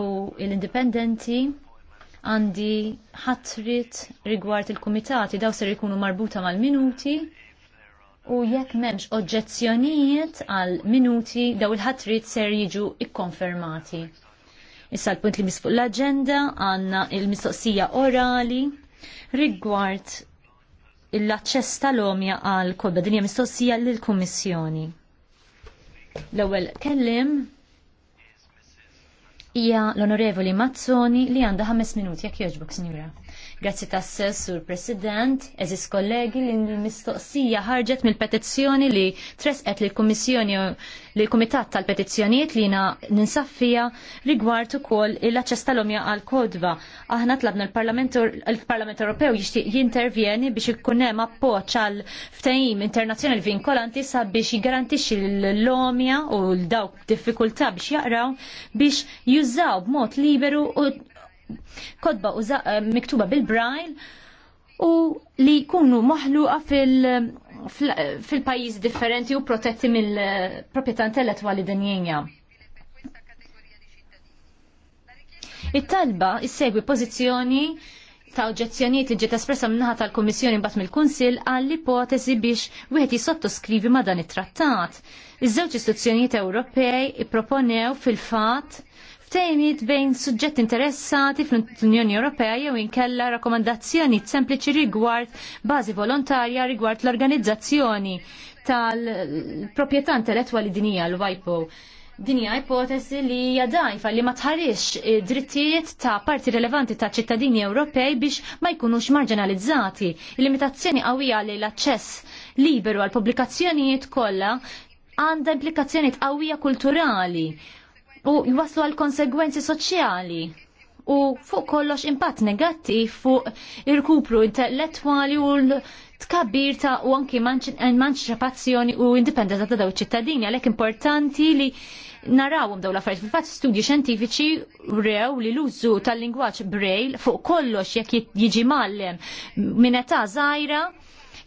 u l-indipendenti għandi ħatrit rigward il-komitati daw ser ikunu marbuta mal-minuti u jekk memx oġġezzjonijiet għal minuti daw il-ħatrit ser jiġu ikkonfermati. Issa l-punt li misfuq l-agenda għanna il-mistoqsija orali rigward l-aċċess tal-omja għal kobba dinja mistoqsija l-Kummissjoni. L-ewwel kellim hija l-Onorevoli Mazzoni li għandha ħames minuti jekk jogħġbok, Sinjura. Grazzi tas Sur President, eżis kollegi li l-mistoqsija ħarġet mill-petizzjoni li tresqet li l-Kummissjoni li l-Kumitat tal-Petizzjonijiet li na ninsaffija rigward ukoll l-aċċess tal-omja għal kodva Aħna tlabna l-Parlament Ewropew jixtieq jintervjeni biex ikun hemm appoġġ għal ftehim internazzjonali vinkolanti sabiex jgarantixxi l-omja u l-dawk diffikultà biex jaqraw biex jużaw b'mod liberu u kodba eh, miktuba bil-brajl u li jkunu moħluqa fil fil-pajis differenti u protetti mill-proprjetà intellettwali danjenja. It-talba issegwi pożizzjoni ta' oġġezzjonijiet li ġiet espressa minnaħa tal-Kummissjoni mbagħad mill-Kunsill għall ipotesi biex wieħed jisottoskrivi ma' dan it-trattat. Iż-żewġ istituzzjonijiet Ewropej ipproponew fil-fatt sostenit bejn suġġett interessati fl-Unjoni Ewropea jew inkella rakkomandazzjoni sempliċi rigward bażi volontarja rigward l-organizzazzjoni tal-proprjetà intellettwali dinija l-WIPO. Dinja ipotesi li hija dajfa li ma tħarix drittijiet ta' parti relevanti ta' ċittadini Ewropej biex ma jkunux marġinalizzati. Il-limitazzjoni qawwija li l-aċċess liberu għal pubblikazzjonijiet kollha għandha implikazzjonijiet qawwija kulturali u jwaslu għal konsegwenzi soċjali u fuq kollox impatt negattiv fuq il-kupru intellettwali u l-tkabbir ta' u anki eh, manċipazzjoni u indipendenza ta' daw ċittadini għalhekk importanti li narawhom daw l-affarijiet fil fat studji xjentifiċi rew li l-użu tal-lingwaġġ braille fuq kollox jekk jiġi mallem minn età żgħira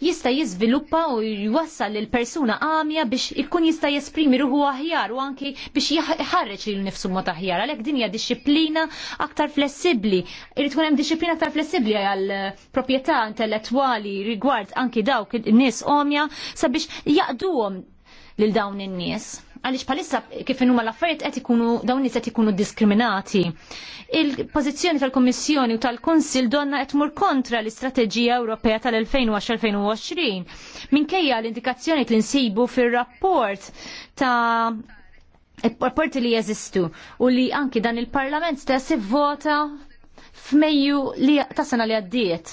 jista' jiżviluppa u jwassal lil persuna għamja biex ikun jista' jesprimi ruħu aħjar u anki biex jħarreġ lil nifsu mod aħjar. Għalhekk din hija disciplina aktar flessibbli. Irid tkun hemm disċiplina aktar flessibbli għal proprjetà intellettwali rigward anki dawk in-nies omja sabiex jaqduhom lil dawn in-nies. Għaliex bħalissa kif huma l-affarijiet qed ikunu dawn nies qed ikunu diskriminati. Il-pożizzjoni tal-Kummissjoni u tal-Kunsil donna qed mur kontra l-Istrateġija Ewropea tal-2010-2020 minkejja l-indikazzjoni li nsibu fir-rapport ta' rapporti li jeżistu u li anki dan il-Parlament stess ivvota f'Mejju li ta' sena li għaddiet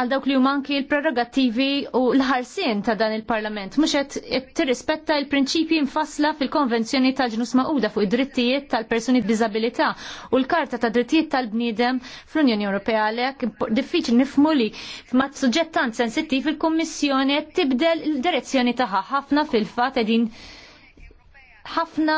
għal dawk li huma anki l-prerogattivi u l-ħarsien ta' dan il-Parlament mhux qed tirrispetta l-prinċipji mfassla fil-Konvenzjoni ta' Ġnus Maquda fuq id-drittijiet tal-persuni b'diżabilità u l-Karta ta' Drittijiet tal-Bniedem fl-Unjoni Ewropea għalhekk diffiċli nifhmu li ma' suġġett tant sensittiv il-Kummissjoni tibdel il-direzzjoni tagħha ħafna fil-fatt qegħdin ħafna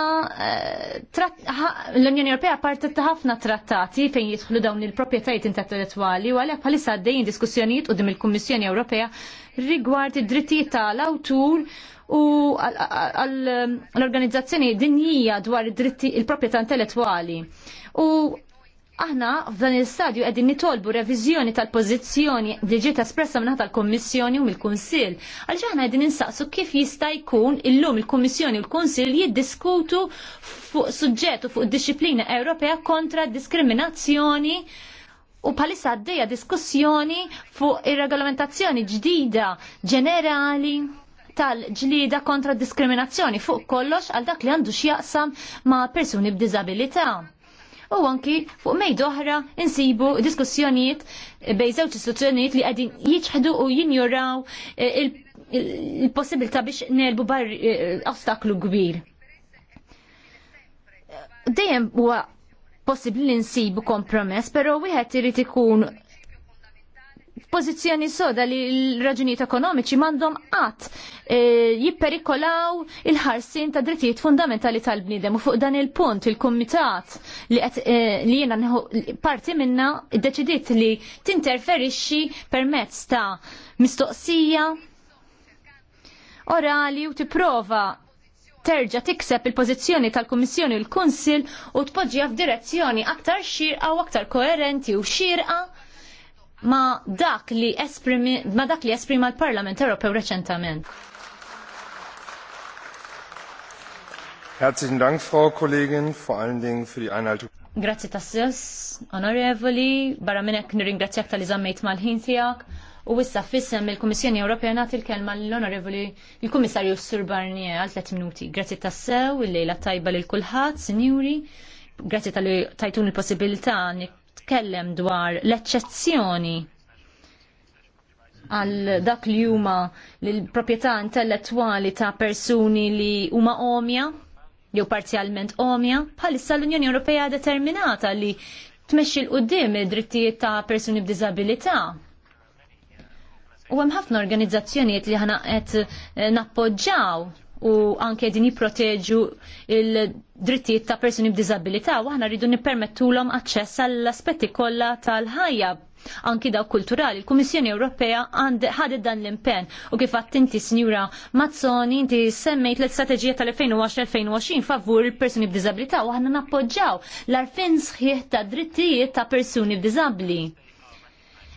l-Unjoni Ewropea partet ta' ħafna trattati fejn jidħlu dawn il-proprjetajiet intellettwali u għalhekk bħalissa għaddejjin diskussjonijiet qudiem il-Kummissjoni Ewropea rigward id-drittijiet tal-awtur u l-organizzazzjoni dinjija dwar il-proprjetà intellettwali. U Aħna f'dan il-stadju qegħdin nitolbu reviżjoni tal-pożizzjoni li ġiet espressa minn tal kummissjoni u mill-Kunsill. Għal aħna qegħdin insaqsu kif jista' jkun illum il-Kummissjoni u l-Kunsill jiddiskutu fuq suġġett u fuq disciplina Ewropea kontra diskriminazzjoni u palissa għaddejja diskussjoni fuq ir-regolamentazzjoni ġdida ġenerali tal-ġlida kontra diskriminazzjoni fuq kollox għal dak li għandu x'jaqsam ma' persuni b'diżabilità u anki fuq mej doħra insibu diskussjonijiet bej żewġ istituzzjonijiet li qegħdin jieċħdu u jinjuraw eh, il possibilta biex nerbu bar eh, ostaklu kbir. Dejjem huwa possibbli li nsibu kompromess, pero wieħed irid ikun pożizzjoni soda li l-raġunijiet ekonomiċi m'għandhom qatt e, jipperikolaw il-ħarsin ta' drittijiet fundamentali tal-bniedem u fuq dan il-punt il-kumitat li e, li jiena parti minna iddeċidiet li tinterferixxi permezz ta' mistoqsija orali u tipprova terġa' tikseb il-pożizzjoni tal-Kummissjoni u l kunsil u tpoġġiha f'direzzjoni aktar xirqa u aktar koerenti u xirqa ma dak li esprimi, ma dak li esprima l-Parlament Ewropew reċentament. Herzlichen Dank, Frau Kollegin, vor allen Dingen für die Einhaltung. Grazie tassis, onorevoli, barra minnek nirringrazzjak tal-izammejt mal-ħin tijak, u wissa fissem il-Komissjoni Ewropea nagħti l-kelma l-onorevoli il-Kummissarju Sur Barnier għal 3 minuti. Grazzi tassew, il-lejla tajba lil kulħadd, sinjuri, grazzi tal-tajtun il-possibilità tkellem dwar l-eċċezzjoni għal dak li huma l-proprjetà intellettwali ta' persuni li huma omja jew parzjalment omja, bħalissa l-Unjoni Ewropea determinata li tmexxi l qudiem id-drittijiet ta' persuni b'diżabilità. U hemm ħafna organizzazzjonijiet li ħana qed eh, nappoġġaw u anke din jipproteġu il-drittijiet ta' persuni b'diżabilità u aħna rridu nippermettulhom aċċess għall-aspetti kollha tal-ħajja anki daw kulturali. Il-Kummissjoni Ewropea ħadet dan l-impenn u kif għatt inti Sinjura Mazzoni inti semmejt l-istrateġija tal-2020-2020 favur il-persuni b'diżabilità u aħna nappoġġaw l-arfin sħiħ ta' drittijiet ta' persuni b'diżabbli.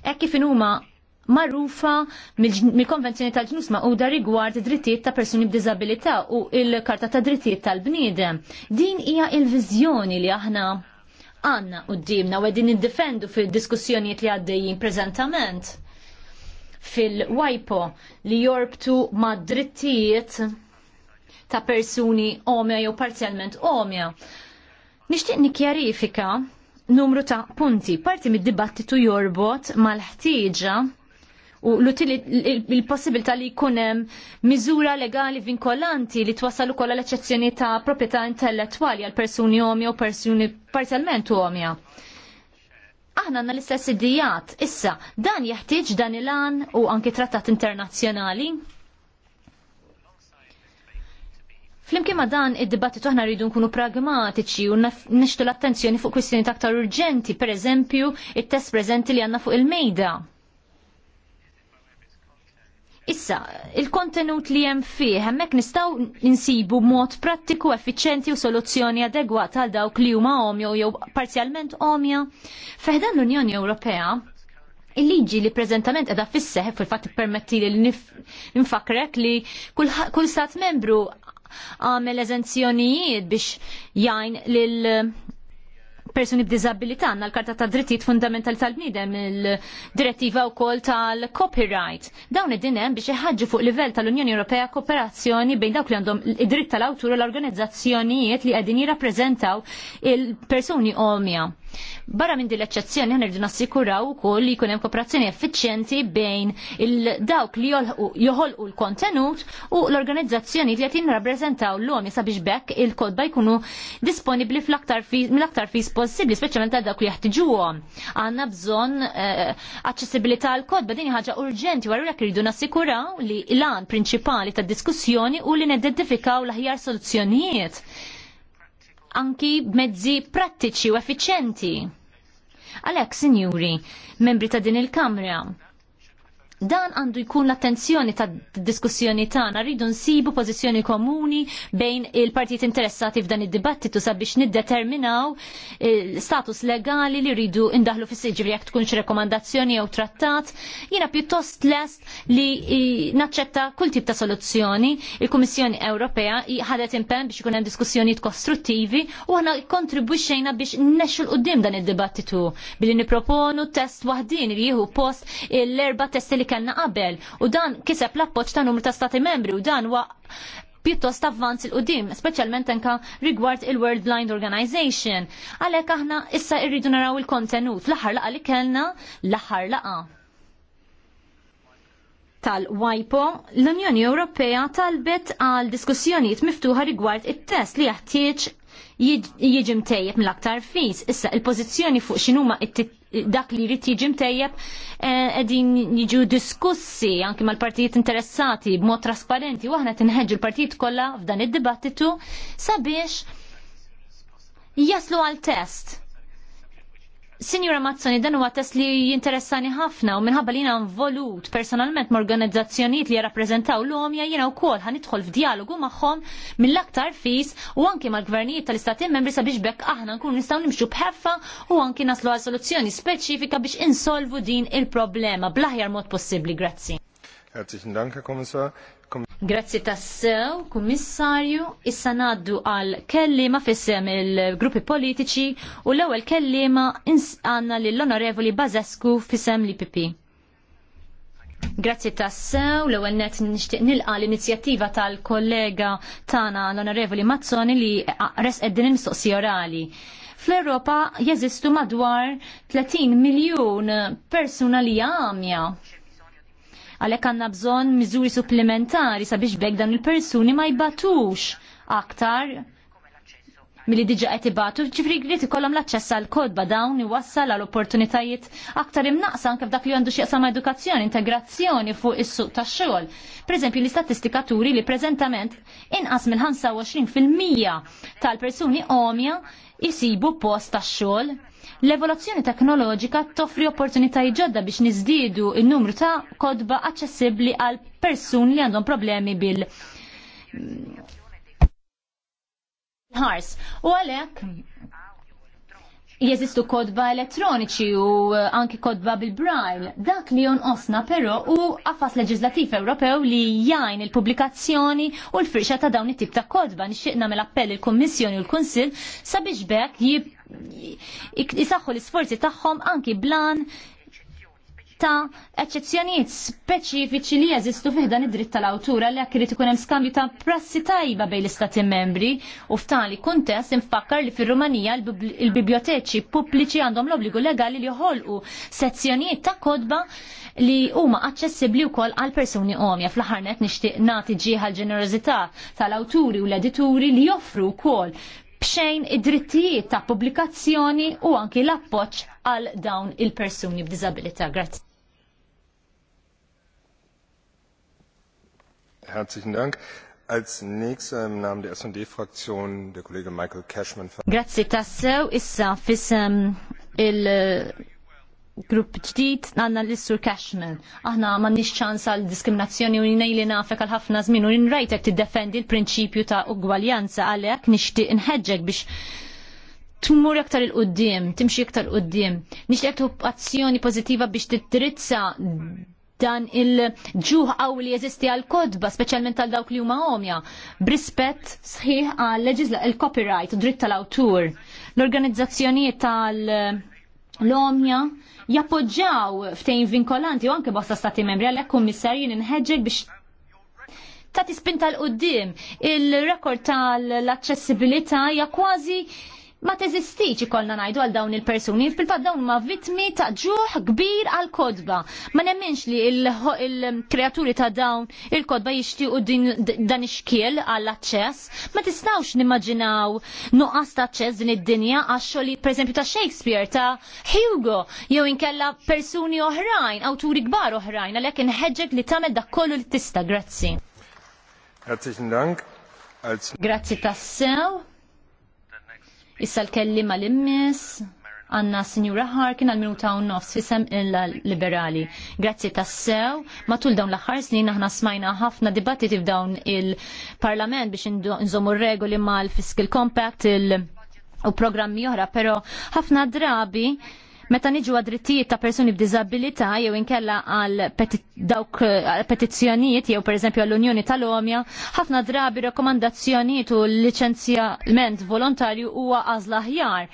Ekki kif huma marufa mill-konvenzjoni tal-ġnus maquda rigward drittijiet ta' persuni b'diżabilità u il-Karta ta' Drittijiet tal-Bniedem. Din hija il-viżjoni li aħna għanna u d-dimna u għedin id-defendu fil-diskussjoniet li għaddejjin prezentament fil wajpo li jorbtu ma' drittijiet ta' persuni omja jew parzjalment omja. Nixtieq nikjarifika numru ta' punti. Parti mid-dibattitu jorbot mal-ħtieġa u l-possibilità li jkunem miżura legali vinkolanti li twassal ukoll l-eċezzjoni ta' proprjetà intellettwali għal persuni omja u persuni parzialment omja. Aħna għanna l-istess id-dijat, issa, dan jeħtieġ dan il-an u anki trattat internazzjonali? Flimkien ma dan id-dibattitu aħna rridu nkunu pragmatiċi u nixtu l-attenzjoni fuq kwistjoni aktar urġenti, per eżempju, it-test preżenti li għanna fuq il-mejda Issa, il-kontenut li hemm fih hemmhekk nistgħu insibu mod prattiku, effiċenti u soluzzjoni adegwata għal dawk li huma omja jew parzjalment omja. Feħdan l-Unjoni Ewropea, il-liġi li prezentament edha fisseħ fil-fat permetti li nifakrek li kull stat membru għamel eżenzjonijiet biex jajn lil persuni b'dizabilità għandna l-Karta ta' Drittijiet Fundamentali tal-Bniedem, il-Direttiva wkoll tal-Copyright. Dawn id hemm biex iħaġġu fuq livell tal-Unjoni Ewropea kooperazzjoni bejn dawk li għandhom id-dritt tal-awtur u l-organizzazzjonijiet li qegħdin jirrappreżentaw il-persuni omja. Barra minn din l-eċċezzjoni nirdu nassikuraw ukoll li jkun hemm kooperazzjoni effiċjenti bejn il-dawk li joħolqu l-kontenut u l-organizzazzjoni li qed rappresentaw l-lum sabiex bekk il-kodba jkunu disponibbli fl-aktar mill-aktar fis possibbli, speċjalment għal dawk li jaħtiġuhom. Għandna bżonn eh, aċċessibilità l kodba din ħaġa urġenti wara jekk irridu nassikuraw li l-għan prinċipali tad-diskussjoni u li nidentifikaw l-aħjar soluzzjonijiet anki mezzi prattiċi u effiċenti. Għalhekk, sinjuri, membri ta' din il-Kamra, dan għandu jkun l-attenzjoni ta' diskussjoni tagħna rridu nsibu pożizzjoni komuni bejn il-partijiet interessati f'dan id-dibattitu sabiex niddeterminaw status legali li rridu indaħlu fis siġri jekk tkunx rekomandazzjoni jew trattat. Jiena pjuttost lest li naċċetta kull tip ta' soluzzjoni. Il-Kummissjoni Ewropea ħadet impenn biex ikun hemm diskussjonijiet kostruttivi u aħna kontribwixxejna biex nnexxu l-qudiem dan id-dibattitu billi nipproponu test waħdin li jieħu post l-erba' test li kellna qabel u dan kiseb l-appoġġ ta' numru ta' stati membri u dan huwa pjuttost avvanz il qudiem speċjalment anka rigward il-World Blind Organization. Għalhekk aħna issa rridu naraw il-kontenut l-aħħar laqa li kellna l-aħħar laqa tal-WIPO, l-Unjoni Ewropea talbet għal diskussjonijiet miftuħa rigward it-test li jaħtieġ jiġi mtejjeb mill-aktar fis. Issa il-pożizzjoni fuq x'inhuma dak li jrid jiġi mtejjeb eh, qegħdin jiġu diskussi anke mal-partijiet interessati b'mod trasparenti u aħna tinħeġġu l-partijiet kollha f'dan id-dibattitu sabiex jaslu għal test Signora Mazzoni, dan huwa test li jinteressani ħafna u minħabba li jiena involut personalment organizzazzjonijiet li jirrappreżentaw l-omja jiena wkoll ħanidħol f'dialogu magħhom mill-aktar fis u anke mal-gvernijiet tal-istati membri sabiex bekk aħna nkunu nistgħu nimxu bħeffa u anke naslu għal soluzzjoni speċifika biex insolvu din il-problema bl-aħjar mod possibbli. Grazzi. Herzlichen Dank, Herr Kommissar. Grazzi tassew, kummissarju, issa naddu għal kellima fissem il-gruppi politiċi u l-ewel kellima għanna l-onorevoli Bazescu fissem l-IPP. Grazzi tassew, l ewwel net nixtieq nilqa l-inizjattiva tal-kollega tagħna l-Onorevoli Mazzoni li res eddin il-mistoqsija orali. Fl-Europa jeżistu madwar 30 miljun persuna li għamja Għalhekk għandna bżonn miżuri supplementari sabiex bekk dan il-persuni ma jbatux aktar milli diġa qed ibatu, ġifri grid ikollhom l-aċċess għal kodba dawn iwassal għal opportunitajiet aktar imnaqsa anke f'dak li għandu x'jaqsam edukazzjoni, integrazzjoni fuq is-suq tax-xogħol. Pereżempju l-istatistika turi li preżentament inqas minn 25 tal-persuni omja jisibu post tax-xogħol L-evoluzzjoni teknoloġika toffri opportunitajiet ġodda biex niżdiedu n-numru ta' kodba aċċessibbli għal persuni li għandhom problemi bil ħars. U għalhekk jeżistu kodba elettroniċi u eh, anki kodba bil brajl Dak li jonqosna però u għafas leġislativ Ewropew li jajn il-pubblikazzjoni u l-firxa ta' dawn it-tip ta' kodba nixtieqna mill-appell il-Kummissjoni u l-Kunsill sabiex bekk jib jisaxħu l-isforzi tagħhom anki blan ta' eċezzjonijiet speċifiċi li jeżistu fiħdan id-dritt tal-awtura li għak ikun hemm skambju ta' prassi tajba bejn l-istati membri u f'tali kuntest infakkar li fir-Rumanija il-biblioteċi pubbliċi għandhom l-obbligu legali li joħolqu sezzjonijiet ta' kodba li huma aċċessibbli wkoll għal persuni omja fl-aħħar net nixtieq nagħti ġieħa l-ġenerożità tal-awturi u l-edituri li joffru wkoll bxejn id-drittijiet ta' pubblikazzjoni u anki l-appoġġ għal dawn il-persuni b'diżabilità. Grazzi. Herzlichen Dank. Als nächster im Namen der S&D-Fraktion der Kollege Michael Cashman. Grazie tassew, issa fissem il eh, grupp ġdid għanna l-Issur Cashman. Aħna ma nix ċans għal diskriminazzjoni u nejli nafek għal ħafna żmien u t tiddefendi l-prinċipju ta' ugwaljanza għalhekk nixtieq inħeġġek biex tmur aktar il-qoddim, timxi aktar il-qoddim. Nixtieq azzjoni pozitiva biex titrizza dan il-ġuħ għaw li jeżisti għal kodba, specialment għal dawk li huma omja, brispet sħiħ għal leġizla il-copyright, dritt tal-awtur. L-organizzazzjonijiet tal- l-omja jappoġġaw ftejn vinkolanti u anke bosta stati membri għalhekk kummissarjin inħeġġek biex ta' tispinta l-qoddim. Il-rekord tal accessibilita hija kważi ma teżistix ikollna ngħidu għal dawn il-persuni, fil-fatt dawn ma vittmi ta' ġuħ kbir għal kodba. Ma nemminx li il-kreaturi ta' dawn il-kodba jixtiequ dan ix-xkiel għall aċċess ma tistawx nimmaġinaw nuqqas ta' aċċess din id-dinja għax-xogħli pereżempju ta' Shakespeare, ta' Hugo, jew inkella persuni oħrajn, awturi kbar oħrajn, għalhekk inħeġġek li tagħmel dak kollu li tista', grazzi. Herzlichen Dank. Grazzi tassew. Issa l ma l-immis, għanna Sinjura Harkin għal-minuta u nofs fisem il-liberali. Grazzi tassew, matul dawn l-axar snin aħna smajna ħafna dibattiti f'dawn il-parlament biex nżomu regoli mal-fiscal compact il- u programmi oħra, pero ħafna drabi Meta niġu għadrittijiet ta' persuni b'diżabilità jew inkella għal dawk petizzjonijiet jew pereżempju għall-Unjoni tal-Omja, ħafna drabi rekomandazzjonijiet u l liċenzjament volontarju huwa għażla aħjar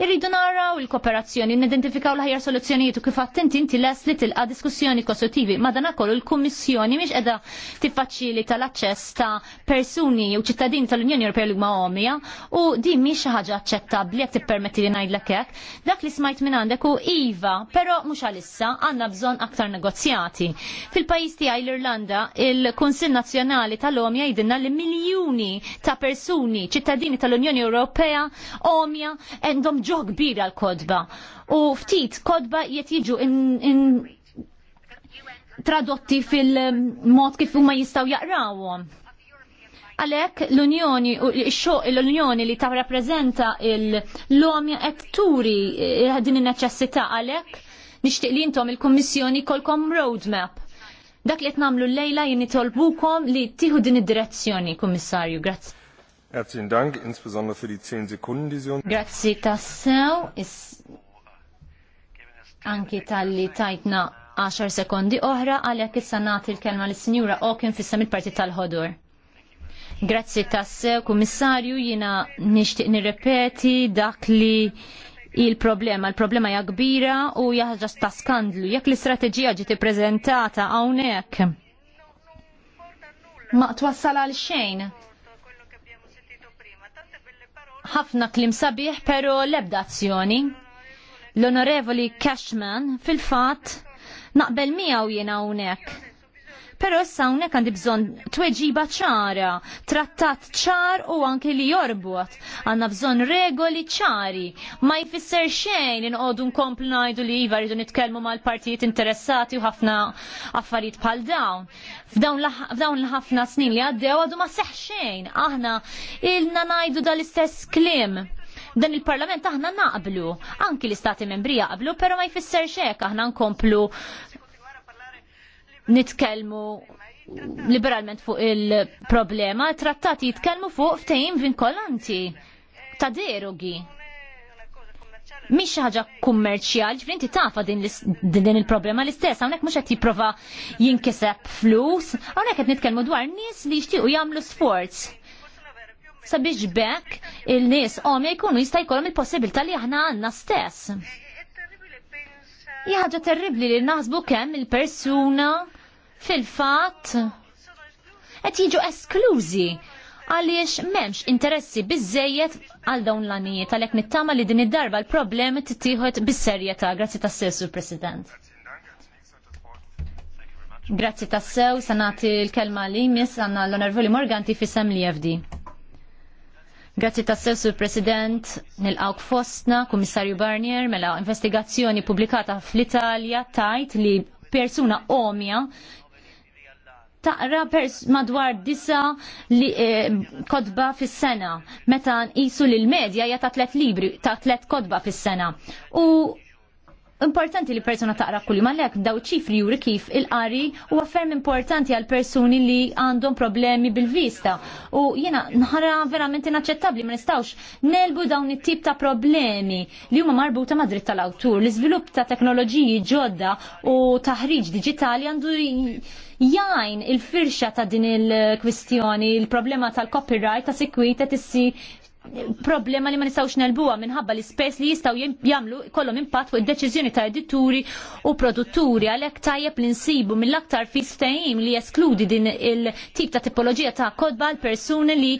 Irridu naraw il-kooperazzjoni, nidentifikaw l-ħajjar soluzzjonijiet u kif inti inti les li tilqa diskussjoni kostruttivi. Madanakollu l-Kummissjoni miex qiegħda tiffaċili tal-aċċess ta' persuni u ċittadini tal-Unjoni Ewropea li huma omija u din miex xi ħaġa aċċettabbli jekk tippermetti li ngħidlek hekk. Dak li smajt minn għandek u iva, però mhux għalissa għandna bżonn aktar negozjati. Fil-pajjiż tiegħi l-Irlanda, il-Kunsill Nazzjonali tal-Omja jidinna li miljuni ta' persuni, ċittadini tal-Unjoni Ewropea, omja, għandhom ġo kbir għal kodba u ftit kodba jiet jiġu in tradotti fil-mod kif huma jistgħu jaqrawhom. Għalhekk l-Unjoni l-Unjoni li ta rappresenta l lom qed turi eh, din in-neċessità għalhekk nixtieq li jintom il-Kummissjoni kolkom roadmap. Dak li qed nagħmlu lejla jien nitolbukom li tiħu din id-direzzjoni, Kummissarju. grazie. Herzlichen Dank, insbesondere für die 10 Sekunden, die Sie uns... Grazzi tassew, anki tal-li tajtna 10 sekondi oħra għalhekk issa nagħti l-kelma lis-Sinjura Oken fis il parti tal-Ħodur. Grazzi tassew, Kummissarju, jiena nixtieq nirrepeti dak li il-problema. Il-problema hija kbira u hija taskandlu. ta' skandlu. Jekk l-istrateġija ġiet ippreżentata hawnhekk. Ma twassal għal xejn ħafna klim sabiħ pero lebda azzjoni. L-Onorevoli Cashman fil-fat naqbel miegħu jena hawnhekk Pero issa hawnhekk għandi bżonn tweġiba ċara, trattat ċar u anke li jorbot. Għandna bżonn regoli ċari. Ma jfisser xejn inqogħdu nkomplu ngħidu li iva rridu nitkellmu mal-partijiet interessati u ħafna affarijiet bħal dawn. F'dawn l-ħafna snin li għaddew għadu ma seħ xejn. Aħna ilna ngħidu dal-istess klim dan il-parlament aħna naqblu, anki l-istati membri jaqblu, pero ma jfisser xek aħna nkomplu nitkellmu liberalment fuq il-problema, trattati jitkellmu fuq ftejn vinkolanti ta' derogi. Mhix xi ħaġa kummerċjal, ġifri inti tafa din, il-problema l-istess, hawnhekk mhux qed jipprova jinkiseb flus, hawnhekk qed nitkellmu dwar nies li jixtiequ jagħmlu sforz. Sabiex bekk il-nies għom jkunu jista' jkollhom il-possibilità li aħna għandna stess. Hija ħaġa terribli li naħsbu kemm il-persuna fil-fatt qed jiġu esklużi għaliex memx interessi bizzejiet għal dawn l-anijiet għalek nittama li din id-darba l-problemi tittieħed bis-serjetà grazzi tas-sessu President. Grazzi tassew, sanati l-kelma li mis għanna l-onorvoli Morganti fi sem li jafdi. Grazzi tassew, sur President, nil-għawk fostna, Komissarju Barnier, mela investigazzjoni publikata fl-Italja tajt li persuna omja taqra pers madwar disa li, e, kodba fis-sena. Meta nqisu lil medja hija ta' tlet libri, ta' tlet kodba fis-sena. U importanti li persuna taqra kulli ma lek daw ċifri juri kif il-qari u għaffermi importanti għal persuni li għandhom problemi bil-vista. U jena nħara verament inaċċettabli ma nistawx nelbu dawn it-tip ta' problemi li huma marbuta ma' dritt tal-awtur. L-iżvilupp ta' teknoloġiji ġodda u taħriġ digitali għandu jajn il-firxa ta' din il-kwistjoni, il-problema tal-copyright ta' sikwita tissi problema li ma nistawx nelbuwa minħabba li spess li jistaw jamlu kollhom impatt fuq id-deċiżjoni ta' edituri u produtturi għalhekk tajjeb li nsibu mill-aktar fistejim li jeskludi din il-tip ta' tipoloġija ta' kodba l persuni li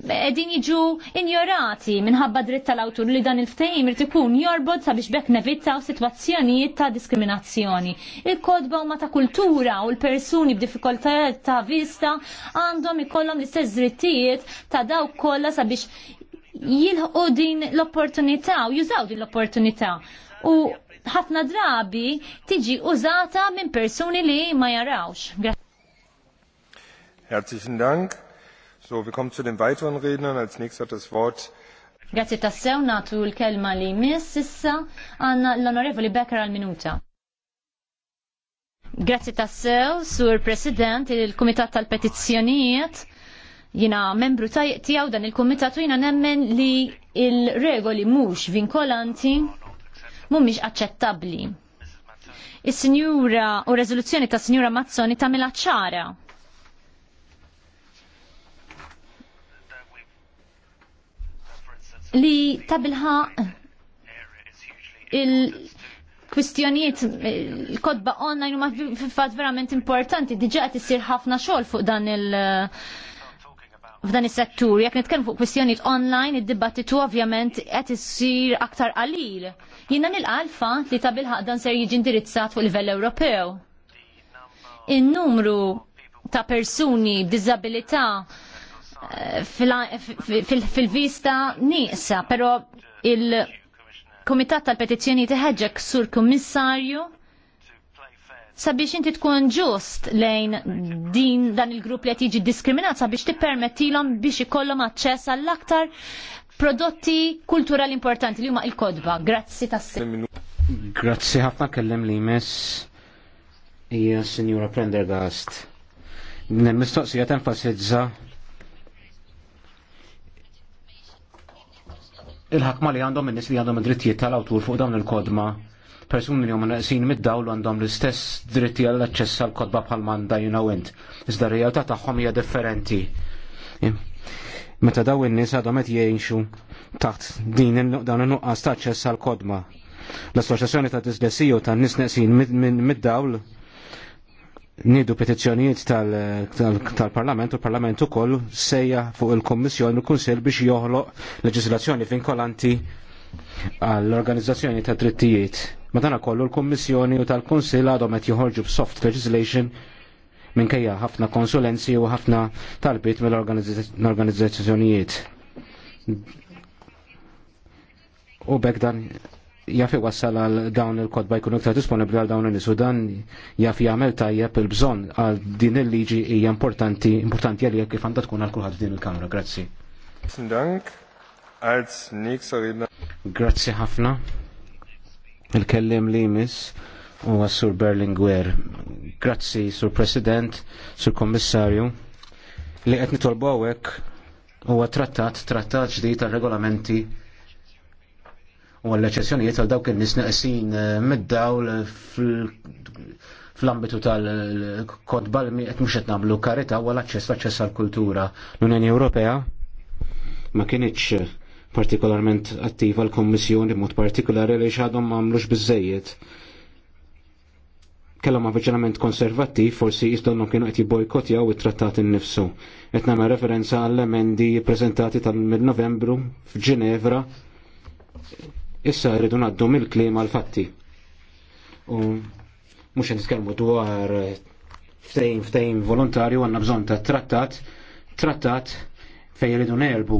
qegħdin jiġu injorati minħabba dritt tal-awtur li dan il-ftehim irid ikun jorbod sabiex bekk nevitaw sitwazzjonijiet ta' diskriminazzjoni. Il-kodba huma ta' kultura u l-persuni b'diffikultajiet ta' vista għandhom ikollhom l-istess drittijiet ta' dawk kollha sabiex jilħu din l-opportunità u jużaw din l-opportunità. U ħafna drabi tiġi użata minn persuni li ma jarawx. Herzlichen Dank. So, wir kommen zu den weiteren Rednern. Als nächster hat das Wort Grazie tassew natu l-kelma li miss issa għanna l-onorevoli Becker għal-minuta. Grazie tassew, sur President, il-Kumitat tal-Petizzjonijiet jina membru tijaw dan il-komitatu jina nemmen li il-regoli mux vinkolanti mumiex accettabli. is senjura u rezoluzzjoni ta' sinjura Mazzoni ta' mela ċara. Li bilħa il- kwistjonijiet il-kodba online huma fil fat verament importanti diġa qed isir ħafna xogħol fuq dan il- f'dan is-settur. Jekk nitkellmu fuq kwistjonijiet online, id-dibattitu ovvjament qed issir aktar qalil. Jiena nilqa fatt li ta' bilħaq dan ser jiġi indirizzat fuq livell Ewropew. In-numru ta' persuni b'diżabilità eh, fil-vista nieqsa, però il-Kumitat tal-Petizzjoni teħeġġek sur Kummissarju sabiex inti tkun ġust lejn din dan il-grupp li qed jiġi diskriminat sabiex tippermettilhom biex ikollhom aċċess għall-aktar prodotti kulturali importanti li huma il-kodba. Grazzi tas. Grazzi ħafna kellem li mess. hija Sinjura Prendergast. Mistoqsija tenfasizza il-ħakma li għandhom in-nies li għandhom id-drittijiet tal-awtur fuq dawn il-kodma persuni li huma naqsin mid-dawl għandhom l-istess dritti għall aċċess għal kodba bħal manda jina int. Iżda r-realtà tagħhom hija differenti. Meta daw in-nies għadhom qed jiexu taħt din dawn in-nuqqas ta' aċċess għal kodba. L-Assoċjazzjoni ta' Dislessija ta' tan-nies naqsin mid-dawl nidu petizzjonijiet tal-Parlament u l-Parlament ukoll sejja fuq il-Kommissjoni u l-Kunsill biex joħloq leġislazzjoni vinkolanti għall-organizzazzjoni ta' drittijiet. Madana kollu l-Kommissjoni u tal-Konsil għadhom qed joħorġu b'soft legislation minkejja ħafna konsulenzi u ħafna talbiet mill-organizzazzjonijiet. U bekk dan jaf wassal għal dawn il-kodba jkunu iktar disponibli għal dawn il-nisu dan jaf jagħmel tajjeb il-bżonn għal din il-liġi hija importanti importanti għalija kif għandha tkun għal kulħadd din il-Kamra. Grazzi. Dank. Als Grazzi ħafna. Il-kellim li jmiss u għassur Berlinguer. Grazzi, sur President, sur Kommissarju. Li għetni tolbawek u trattat, trattat ġdijt għal regolamenti u għall-eċezzjonijiet għal dawk il-nis neqsin eh, mid-dawl fl-ambitu tal-kod balmi qed mhux qed nagħmlu karita u l-aċċess għal għall-kultura. L-Unjoni Ewropea ma kienieċ partikolarment attiva l-Kommissjoni mod partikolari li xadhom ma għamlux biżejjed. Kellhom avviċinament konservattiv forsi jistonnu kienu qed jibbojkotjaw it-trattat innifsu. Etna nagħmel referenza għall emendi ppreżentati tal-mid-Novembru f'Ġinevra. Issa rridu ngħaddu mill-kliem għal fatti. U mhux għan nitkellmu dwar ftejn ftejn volontarju għandna bżonn ta' trattat, trattat fej jridu nerbu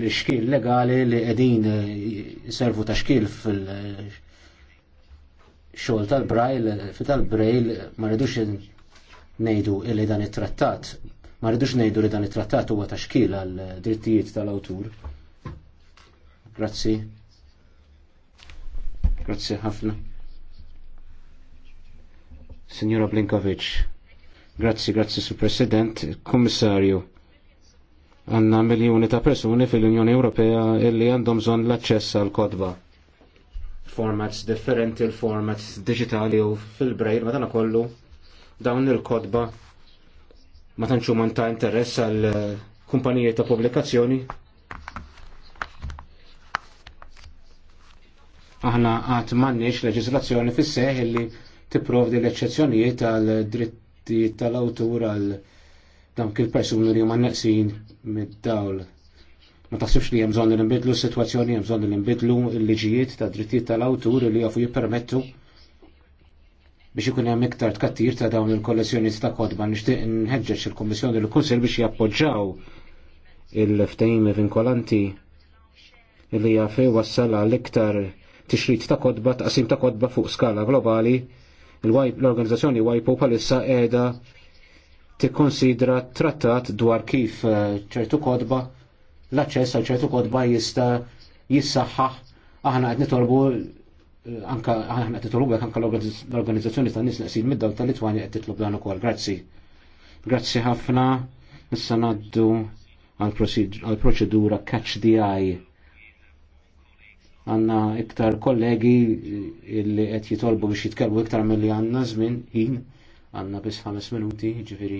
l-xkil legali li edin eh, servu ta' xkil fil- xogħol tal-brajl, fil tal-brajl ma rridux nejdu li dan it-trattat, ma rridux nejdu li dan it-trattat huwa ta' xkil għal drittijiet tal-awtur. Grazzi. Grazzi ħafna. Signora Blinkovic, grazzi, grazzi, Sur President, Kommissarju għanna miljoni ta' persuni fil-Unjoni Ewropea illi għandhom bżonn l-aċċess għal kodba. Formats differenti, il-formats digitali u fil-brejl, ma dana kollu dawn il-kodba ma tantx huma ta' interess għal kumpanijiet ta' pubblikazzjoni. Aħna għat m'għandniex leġislazzjoni fis-seħ illi tipprovdi l-eċċezzjonijiet għal dritti tal-awtur għal, -dritt dawk il-persuni li huma neqsin mid-dawl. Ma taħsibx li hemm bżonn li nbidlu s-sitwazzjoni, hemm li nbidlu l-liġijiet ta' drittijiet tal-awtur li jafu jippermettu biex ikun hemm iktar tkattir ta' dawn il-kollezzjonijiet ta' kodba nixtieq inħeġġeġ il-Kummissjoni l-Kunsil biex jappoġġaw il-ftehim vinkolanti li jafu wassal għal iktar tixrid ta' kodba, taqsim ta' kodba fuq skala globali. L-organizzazzjoni WIPO palissa qiegħda tikkonsidra trattat dwar kif eh, ċertu kodba l-aċċess għal ċertu kodba jista jissaħħaħ aħna qed nitolbu eh, anka aħna qed nitolbu anka l-organizzazzjoni ta' nies naqsin mid dal tal litwani qed titlob dan ukoll. Grazzi. Grazzi ħafna. Nissa ngħaddu għal proċedura catch the eye. Għanna iktar kollegi eh, illi qed jitolbu biex jitkelbu iktar milli għandna żmien ħin għanna bis 5 minuti, ġifiri.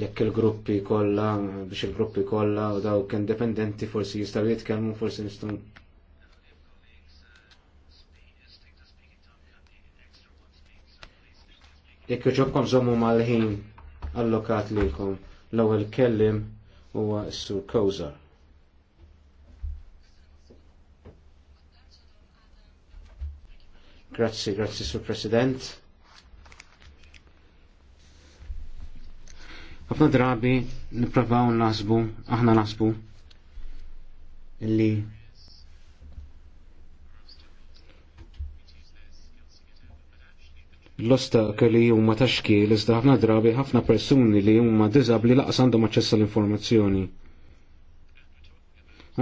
Jekk il-gruppi kollha biex il-gruppi kollha u dawk indipendenti forsi jistgħu jitkellmu forsi nistgħu Jekk joġobkom zommu mal-ħin allokat lilkom l-ewwel kellim huwa s-sur Kozar. Grazie, grazie, Sir President. Għafna drabi niprofaw nasbu, aħna nasbu, illi l-ostakoli huma ta' xkiel iżda ħafna drabi ħafna personi li huma diżabli laqas għandhom aċċess l-informazzjoni.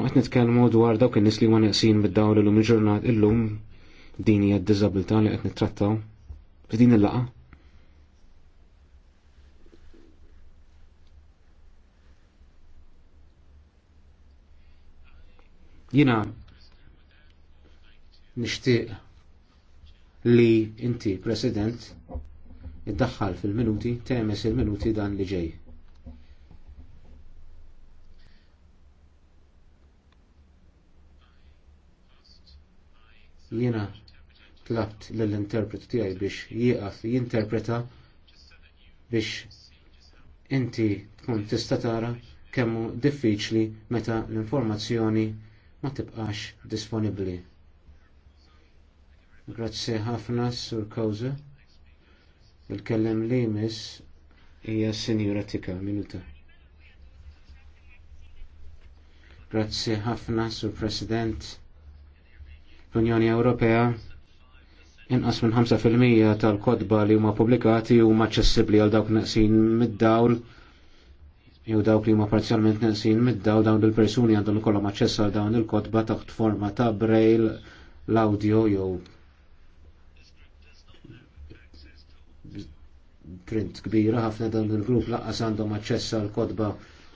U qed kelmu dwar dawk il nies li huma neqsin bid l-lum il-ġurnat il-lum din hija d-diżabilità li qed nittrattaw f'din il-laqa. Jina nixtieq li inti, President, iddaħħal fil-minuti, temes il-minuti dan li ġej. know tlabt l interpretu tiegħi biex jieqaf jinterpreta biex inti tkun tista' tara kemmu diffiċli meta l-informazzjoni ma tibqax disponibbli. Grazzi ħafna sur kawza. Il-kellem li jmiss hija sinjura tika minuta. Grazzi ħafna sur President l-Unjoni Ewropea Inqas minn 5% tal-kodba li huma pubblikati huma aċċessibbli għal dawk neqsin mid-dawl jew dawk li huma parzjalment neqsin mid-dawl dawn il-persuni għandhom ikollhom aċċess għal dawn il-kodba taħt forma ta' braille, l-audio jew print kbira ħafna dawn il-grupp laqqas għandhom aċċess għal kodba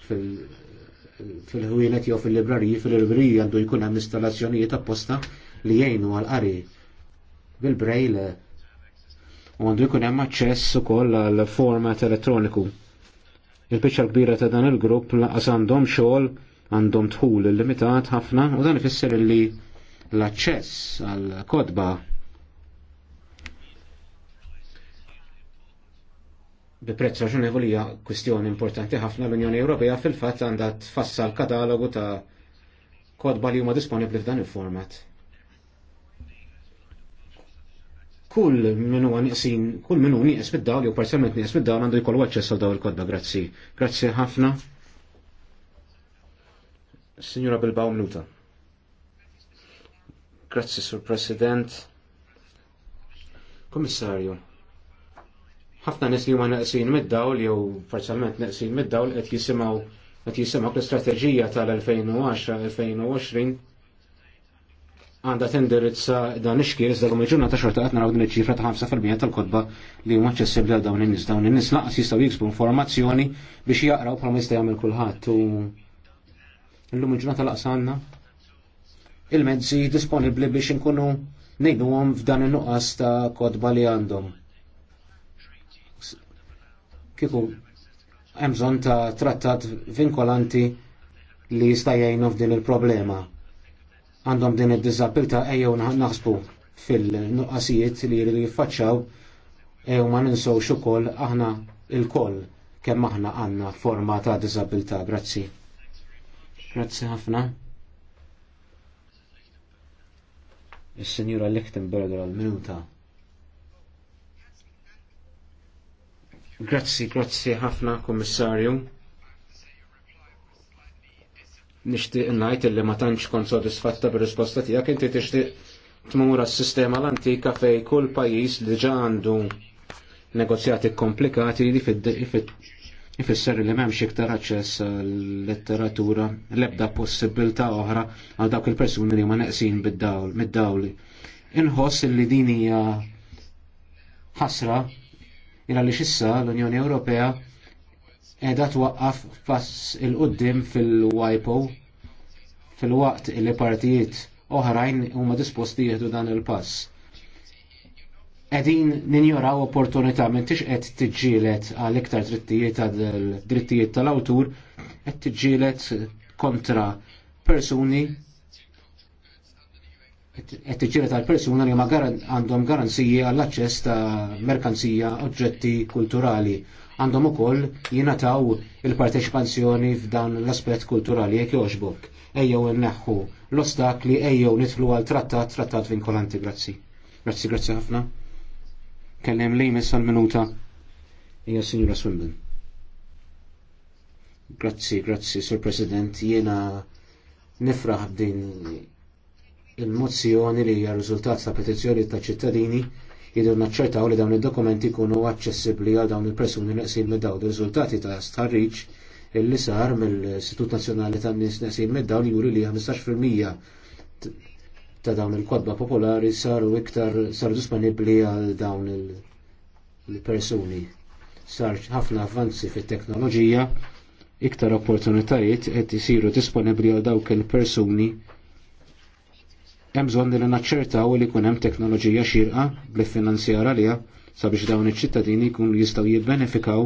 fil-ħwienet jew fil-librariji fil-librariji għandu jkun hemm installazzjonijiet apposta li jgħinu għal qari bil braille u għandu jkun hemm aċċess ukoll għal format elettroniku. Il-biċċa kbira ta' dan il-grupp laqas għandhom xogħol għandhom tħul limitat ħafna u dan ifisser li l-aċċess għal kodba bi prezz raġunevoli hija kwistjoni importanti ħafna l-Unjoni Ewropea fil-fatt għandha tfassal katalogu ta' kodba li huma disponibbli f'dan il-format. kull minu huwa kull minu hu nieqes fid-dawl jew parzialment niqs fid-dawl għandu jkollu aċċess għal dawn il-kodba, grazzi. Grazzi ħafna. Signora Bilbao Mluta. Grazzi, Sur President. Komissarju, ħafna nies li huma neqsin mid-dawl jew parzialment neqsin mid-dawl qed jisimgħu qed jisimgħu l-istrateġija tal-2010-2020 għanda tindirizza dan ix-xkir iżda iġurna ta' xorta għatna għawdin din iċ-ċifra ta' 5% tal-kotba li huma aċċessibbli għal dawn in-nies. Dawn in-nies laqas jistgħu jiksbu informazzjoni biex jaqraw bħala ma jista' jagħmel kulħadd u llum il laqas għandna il-mezzi disponibbli biex inkunu ngħiduhom f'dan in-nuqqas ta' kotba li għandhom. Kieku hemm bżonn ta' trattat vinkolanti li jista' jgħinu f'din il-problema għandhom din id-dizabilta ejjew naħsbu fil-nuqqasijiet li jridu jiffaċċaw ejjew ma ninsowx ukoll aħna il-koll kemm aħna għandna forma ta' diżabilità. Grazzi. Grazzi ħafna. Is-Sinjura Lichtenberger għal-minuta. Grazzi, grazzi ħafna, Kommissarju nixtieq ngħid illi ma tantx kont sodisfatta bir-risposta tiegħek inti tixtieq tmura s sistema l-antika fej kull pajjiż li ġa għandu negozjati komplikati li ifisser li m'hemmx iktar aċċess għall letteratura l-ebda possibilità oħra għal dawk il-persuni li ma neqsin bid-dawl mid-dawli. Inħoss li din hija ħasra ila li xissa l-Unjoni Ewropea edha twaqqaf pass il-qoddim fil-WIPO fil-waqt li partijiet oħrajn huma disposti jieħdu dan il-pass. Edin ninjoraw opportunità minn tix qed tiġġielet għal iktar drittijiet drittijiet tal-awtur qed tiġġielet kontra persuni qed tiġġielet għal persuna li ma għandhom garanziji għall-aċċess ta' merkanzija oġġetti kulturali għandhom ukoll jingħataw il-parteċipazzjoni f'dan l-aspett kulturali jekk jogħġbok. Ejjew inneħħu l-ostakli ejjew nidħlu għal trattat trattat vinkolanti grazzi. Grazzi grazzi ħafna. Kellem li jmiss minuta hija Sinjura Swinburne. Grazzi, grazzi, Sur President, jiena nifraħ b'din il-mozzjoni li hija riżultat ta' petizzjoni ta' ċittadini jidu naċċertaw li dawn id-dokumenti jkunu aċċessibbli għal dawn il-persuni neqsin mid daw ir-riżultati ta' starriċ illi sar mill-Istitut Nazzjonali tan nis Neqsin mid li juri li 15% ta' dawn il-kodba popolari saru iktar saru disponibbli għal dawn il-persuni. Sar ħafna avvanzi fit-teknoloġija, iktar opportunitajiet qed isiru disponibbli għal dawk il-persuni hemm bżonn li naċċertaw li jkun hemm teknoloġija xirqa bli finanzjar għaliha sabiex dawn iċ-ċittadini jkunu jistgħu jibbenefikaw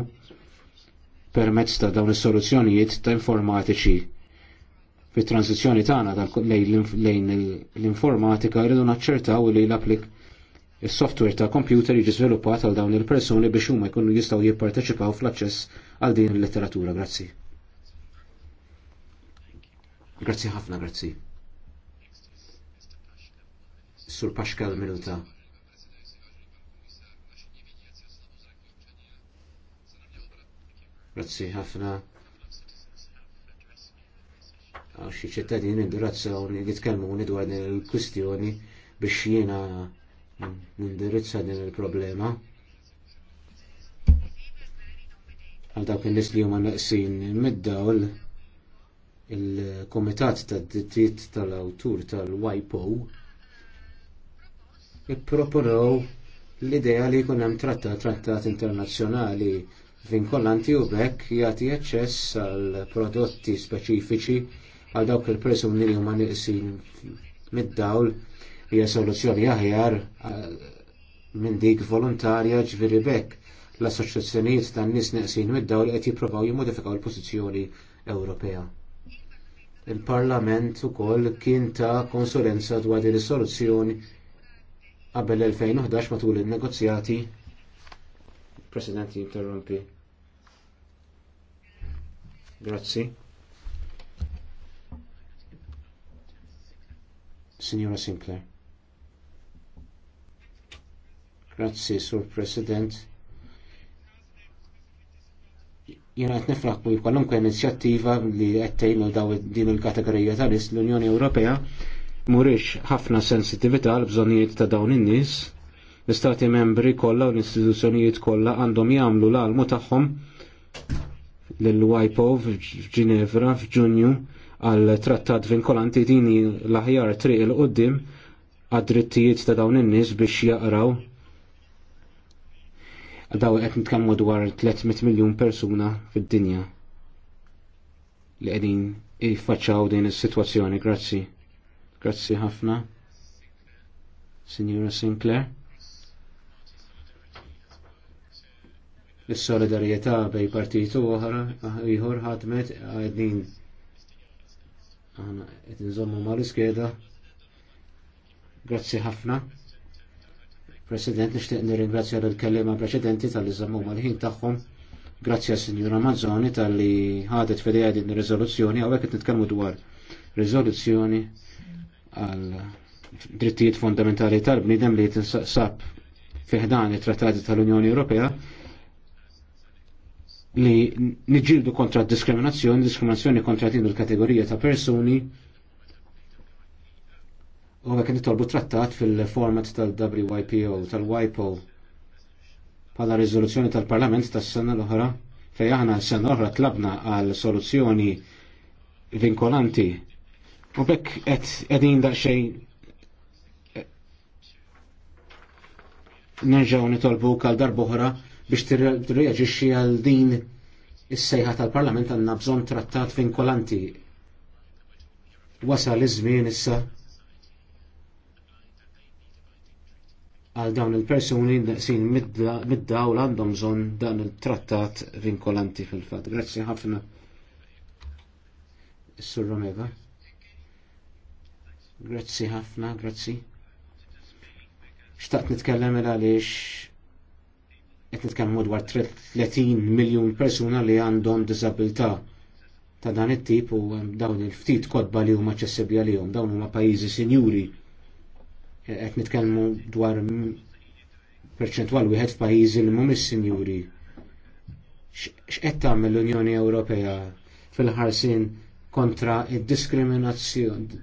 permezz ta' dawn is-soluzzjonijiet ta' informatiċi. Fit-transizzjoni tagħna lejn l-informatika rridu naċċertaw li l-applik is-software ta' computer jiġi żviluppat għal dawn il-persuni biex huma jkunu jistgħu jipparteċipaw fl-aċċess għal din il-letteratura. Grazzi. Grazzi ħafna, grazzi. Sur Pascal Minuta. Grazzi ħafna. Għaw xie ċittadini indirizzaw li jitkellmu dwar din il-kwistjoni biex jiena nindirizza din il-problema. Għal dawk in-nies li huma naqsin mid-dawl il-Komitat tad-Dittijiet tal-Awtur tal-WIPO ipproponow l-idea li jkun hemm trattat trattat internazzjonali vinkolanti u bekk jagħti aċċess għal prodotti speċifiċi għal dawk il-persuni li huma nieqsin mid-dawl hija soluzzjoni aħjar eh, minn dik volontarja ġviri bekk l-assoċjazzjonijiet tan nies neqsin mid-dawl qed jippruvaw jimmodifikaw il-pożizzjoni Ewropea. Il-Parlament ukoll kien ta' konsulenza dwar din is-soluzzjoni Qabel 2011 matul il-negozjati, President jinterrompi. Grazzi. Signora Sinclair. Grazzi, Sur President. Jena għet nifraq li kwalunkwe inizjattiva li għettejnu daw din il-kategorija tal-is l-Unjoni Ewropea muriex ħafna sensitivita għal bżonijiet ta' dawn in-nies, l-istati membri kollha u l-istituzzjonijiet kollha għandhom jagħmlu l-almu tagħhom lill-WIPO f'Ġinevra f'Ġunju għal trattat vinkolanti dini l-aħjar triq il qoddim għad-drittijiet ta' dawn in-nies biex jaqraw daw qed nitkellmu dwar 300 miljun persuna fid-dinja li qegħdin jiffaċċaw din is-sitwazzjoni. Grazzi. Grazzi ħafna. Signora Sinclair. Is-solidarjetà bej partitu oħra ieħor ħadmet għadin għana għedin zommu mal-iskeda. Grazzi ħafna. President, nixtieq nirringrazzja l-kellima preċedenti tal-li mal-ħin tagħhom. Grazzi għas Mazzoni tal-li ħadet fedija din ir-riżoluzzjoni għawek qed dwar riżoluzzjoni għal drittijiet fondamentali tal bnidem li tinsab fiħdan it-trattati tal-Unjoni Ewropea li nġildu kontra diskriminazzjoni, diskriminazzjoni kontra din il-kategorija ta' persuni u għek nitolbu trattat fil-format tal-WIPO, tal-WIPO pala rizoluzzjoni tal-Parlament tas-sena l-oħra fej aħna s-sena l-oħra tlabna għal soluzzjoni vinkolanti U bekk qed qegħdin xej eh, nerġaw nitolbu għal darb'oħra biex tirreaġixxi għal din is-sejħa tal-Parlament għandna bżonn trattat vinkolanti. Wasal iż-żmien issa għal dawn il-persuni daqsin mid-dawl għandhom bżonn dan il-trattat vinkolanti fil-fatt. Grazzi ħafna. Is-Sur Romeva. Grazzi ħafna, grazzi. Xtaqt nitkellem il għaliex qed nitkellmu dwar 30 miljun persuna li għandhom disabilità ta' dan it-tip u dawn il-ftit kodba li huma li hum dawn huma pajjiżi sinjuri. E, qed nitkellmu dwar perċentwal wieħed f'pajjiżi li mhumiex sinjuri. X'qed tagħmel l-Unjoni Ewropea fil-ħarsin kontra id-diskriminazzjoni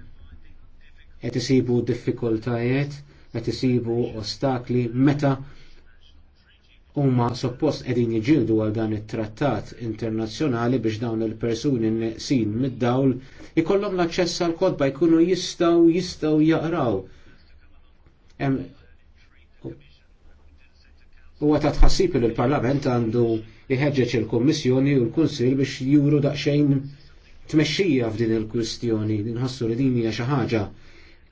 qed isibu diffikultajiet, qed isibu ostakli meta huma suppost qegħdin jiġildu għal dan it-trattat internazzjonali biex dawn il-persuni neqsin mid-dawl ikollhom l-aċċess għal kodba jkunu jistgħu jistgħu jaqraw. Huwa ta' tħassib li l-Parlament għandu jħeġġeġ il-Kommissjoni u l-Kunsil biex juru daqsxejn tmexxija f'din il-kwistjoni, nħassu li din hija xi ħaġa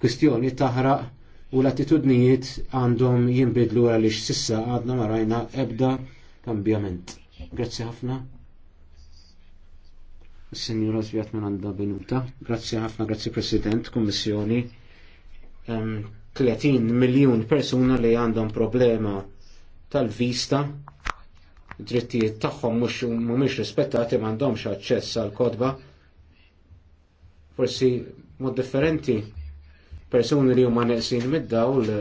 kwistjoni taħraq u l-attitudnijiet għandhom jinbidlu għaliex sissa għadna marajna ebda kambjament. Grazzi ħafna. Signora Zvjat minn għanda benuta. Grazzi ħafna, grazzi President, Kommissjoni. 30 miljon persuna li għandhom problema tal-vista drittijiet tagħhom mhux mhumiex rispettati m'għandhomx aċċess għal kodba. Forsi mod differenti persuni li huma neqsin mid-dawl eh,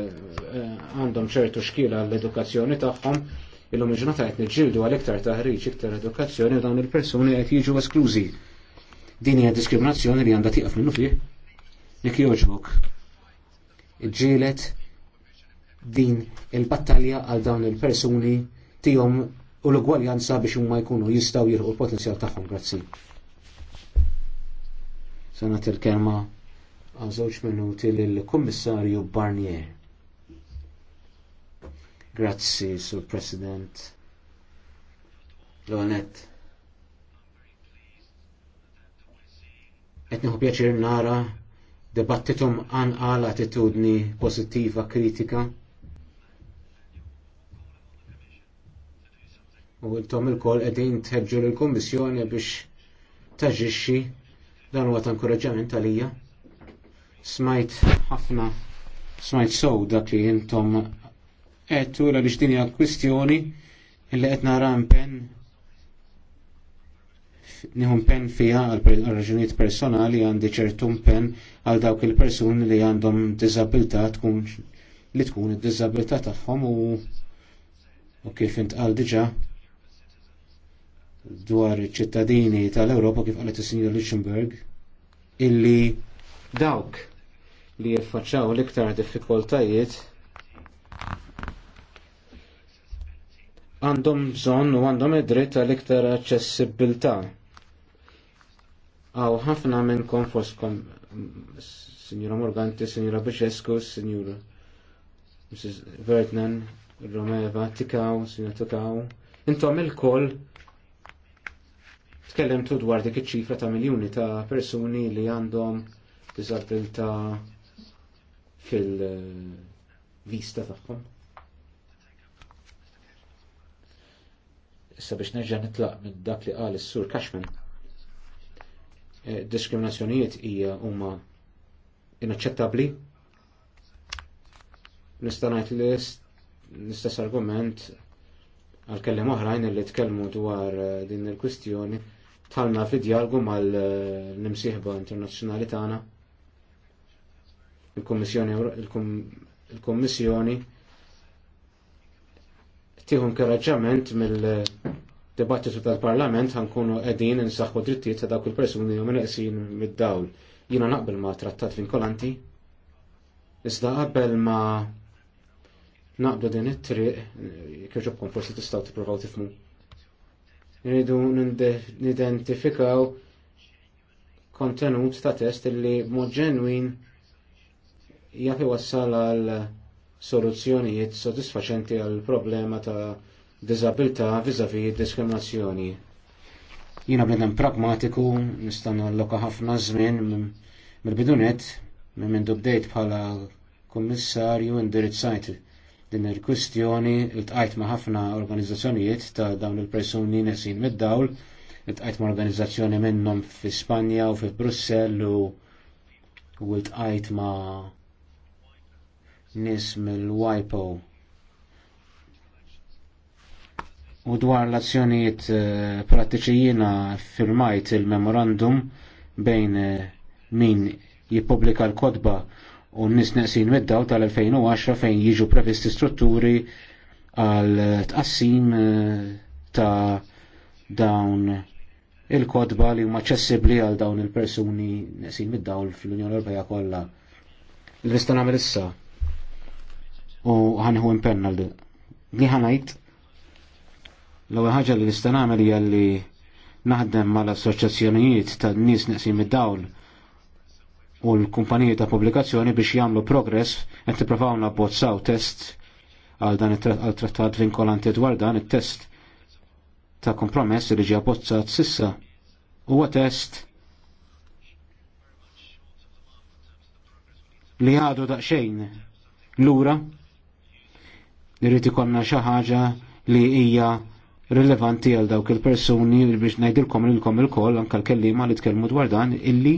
għandhom ċertu xkila għall edukazzjoni tagħhom illum il-ġurnata qed niġġieldu għal iktar taħriġ, iktar edukazzjoni u dawn il-persuni qed jiġu esklużi. Din hija diskriminazzjoni li għandha tieqaf minnu fih. Nik joġbok. Ġielet din il-battalja għal dawn il-persuni tihom u l-ugwaljanza biex huma jkunu jistgħu jilħu l-potenzjal tagħhom. Grazzi. Sanat il-kelma għal żewġ minuti lill-Kummissarju Barnier. Grazzi, Sur President. L-għonet. Etniħu pjaċir nara debattitum għal attitudni pozittiva kritika. U għiltom il-kol għedin tħedġu l-Kommissjoni biex taġixxi dan huwa ta' inkoraġġament għalija smajt ħafna smajt sow dak li jintom għettu la biex dinja kwistjoni illi qed nara pen nihun pen fija għal raġunijiet personali għandi ċertu pen għal dawk il-persuni li għandhom disabilità tkun li tkun id dizabilta tagħhom u u kif intqal diġa dwar ċittadini tal-Ewropa kif qalet is-Sinjor Lichtenberg illi dawk li jiffaċċaw l-iktar diffikultajiet għandhom bżonn u għandhom id-dritt għal iktar aċċessibilità. Għaw ħafna minnkom foskom, Signora Morganti, Signora Bicescu, Signora Mrs. Vertnan, Romeva, Tikaw, Signora Tikaw, intom il-koll tu dwar dik iċ-ċifra ta' miljuni ta' persuni li għandhom diżabilità fil-vista tagħhom. Issa biex nerġa' nitlaq minn dak li qal is-sur Cashman. Eh, diskriminazzjonijiet hija huma inaċċettabbli. Nista' ngħid li l-istess argument għal kellem oħrajn li tkellmu dwar eh, din il-kwistjoni talna fi dialgu mal-nimsieħba eh, internazzjonali tagħna il-Kommissjoni tieħu inkoraġġament mill-dibattitu tal-Parlament ħankunu qegħdin insaħħu drittijiet ta' dawk il-persuni u minnaqsin mid-dawl. Jiena naqbel ma' trattat vinkolanti. Iżda qabel ma' naqbdu din it-triq kif forsi tistgħu tippruvaw tifmu. Nridu nidentifikaw kontenut ta' test li mod ġenwin jaffi iwassal għal soluzzjonijiet sodisfaċenti għal problema ta' disabilità vizavi diskriminazzjoni. Jina bnedem pragmatiku, nistan l-loka ħafna żmien mill-bidunet minn minn bdejt bħala kummissarju indirizzajt din il-kwistjoni il-tqajt ma' ħafna organizzazzjonijiet ta' dawn il-persuni nesin mid-dawl, il-tqajt ma' organizzazzjoni minnhom fi Spanja u fi Brussel u u l-tqajt ma' nis mill-WIPO u dwar l-azzjonijiet eh, prattiċijina jiena firmajt il-memorandum bejn eh, min jippubblika l-kodba u nies nis neqsin mid-daw tal-2010 fejn jiġu previsti strutturi għal tqassim eh, ta' dawn il-kodba li huma ċessibbli għal dawn il-persuni neqsin mid dawl fl-Unjoni Ewropea kollha. L- vista nagħmel issa u ħanħu impenna li. Li ħanajt, l-ewwel ħaġa li nista' nagħmel hija li naħdem mal-assoċjazzjonijiet tan-nies neqsim id-dawl u l-kumpaniji ta' pubblikazzjoni biex jagħmlu progress qed tippruvaw nabbozzaw test għal dan it-trattat vinkolanti dwar dan it-test ta' kompromess li ġie abbozzat sissa huwa test li għadu daqsxejn lura Irrid ikolna xi ħaġa li hija rilevanti għal dawk il-persuni biex ngħidilkom lilkom il-koll anke l-kellima li tkellmu dwar dan illi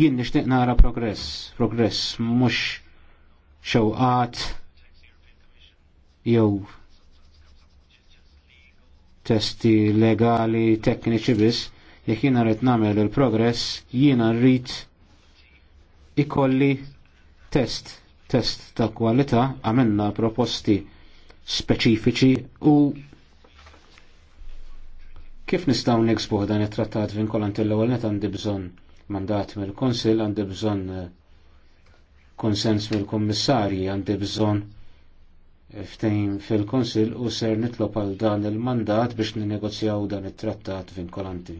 jien nixtieq nara progress, progress mhux xewqat jew testi legali, tekniċi biss, jekk jiena rrit nagħmel il-progress, jiena rrit ikolli test test ta' kwalità għamilna proposti speċifiċi u kif nistgħu niksbuh dan it-trattat vinkolanti l-ewwel net għandi bżonn mandat mill-Konsil, għandi bżonn eh, konsens mill-Kummissarji, għandi bżonn ftehim fil-Konsil u ser nitlob għal dan il-mandat biex ninegozjaw dan it-trattat vinkolanti.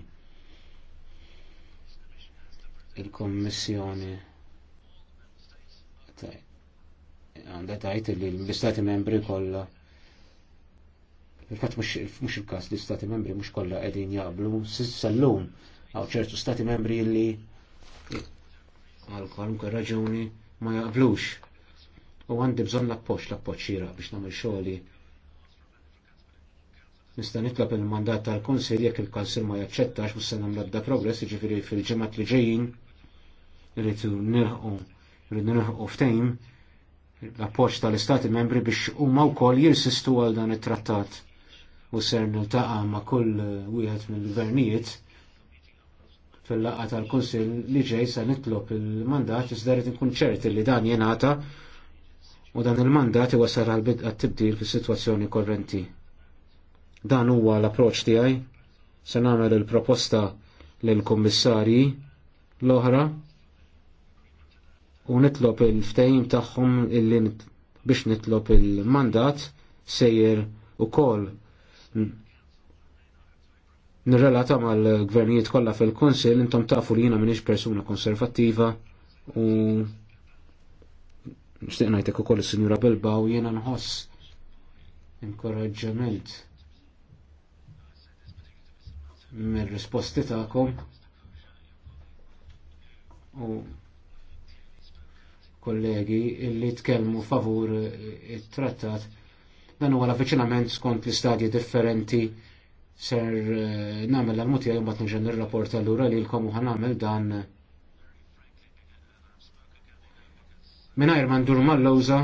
Il-Kommissjoni. Tajt għanda tajt li l-istati membri kollha il-fatt mhux il-każ li l-istati membri mhux kollha qegħdin jaqblu s'issa llum għaw ċertu stati membri li għal kwalunkwe raġuni ma jaqblux. U għandi bżonn l-appoċ, l-appoċ xira biex nagħmel xogħli nista' nitlob il-mandat tal-Kunsil jekk il-Kunsil ma jaċċettax u se nagħmlu progress, jiġifieri fil-ġimgħat li ġejjin irid nirħu irid nirħu ftehim l-appoġġ tal-Istati membri biex huma wkoll jirsistu għal dan it-trattat u ser niltaqa' ma' kull wieħed mill-gvernijiet fil-laqqa tal kunsill li ġej se nitlob il-mandat iżda rid inkun ċert li dan jingħata u dan il-mandat iwasal għal bidqa tibdil fis-sitwazzjoni korrenti. Dan huwa l-approċċ tiegħi se nagħmel il-proposta lill-kummissarji l-oħra u nitlob il-ftehim tagħhom illi biex nitlob il-mandat sejjer u kol nirrelata mal-gvernijiet kollha fil-Konsil intom tafu li jiena minix persuna konservattiva u nixtieq ngħidlek ukoll is-Sinjura Bilba u jiena nħoss inkoraġġament mir-risposti tagħkom u kollegi illi tkellmu favur it-trattat dan huwa l-avviċinament skont l-istadji differenti ser eh, nagħmel l-mutija jom bat nġen il-rapport għallura li l-komu għan nagħmel dan Minajr mandur mal-lawza,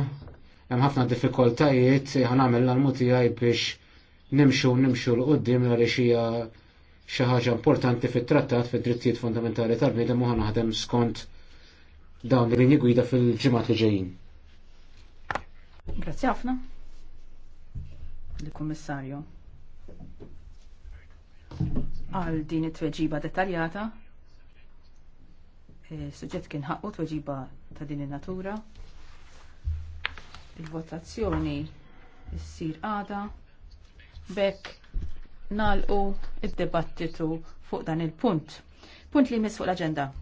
hemm ħafna diffikoltajiet għan nagħmel l-mutija biex nimxu nimxu l-qoddim għaliex hija xi ħaġa importanti fit-trattat fid-drittijiet fundamentali tal bnidem u ħanaħdem skont dawn li gwida fil ġimat li ġejjin. Grazzi ħafna. Il-Kummissarju. Għal din it-tweġiba dettaljata. Eh, suġġett kien ħaqqu tweġiba ta' din in-natura. Il-votazzjoni ssir għada. Bekk nalqu id-debattitu fuq dan il-punt. Punt li jmiss fuq l-aġenda.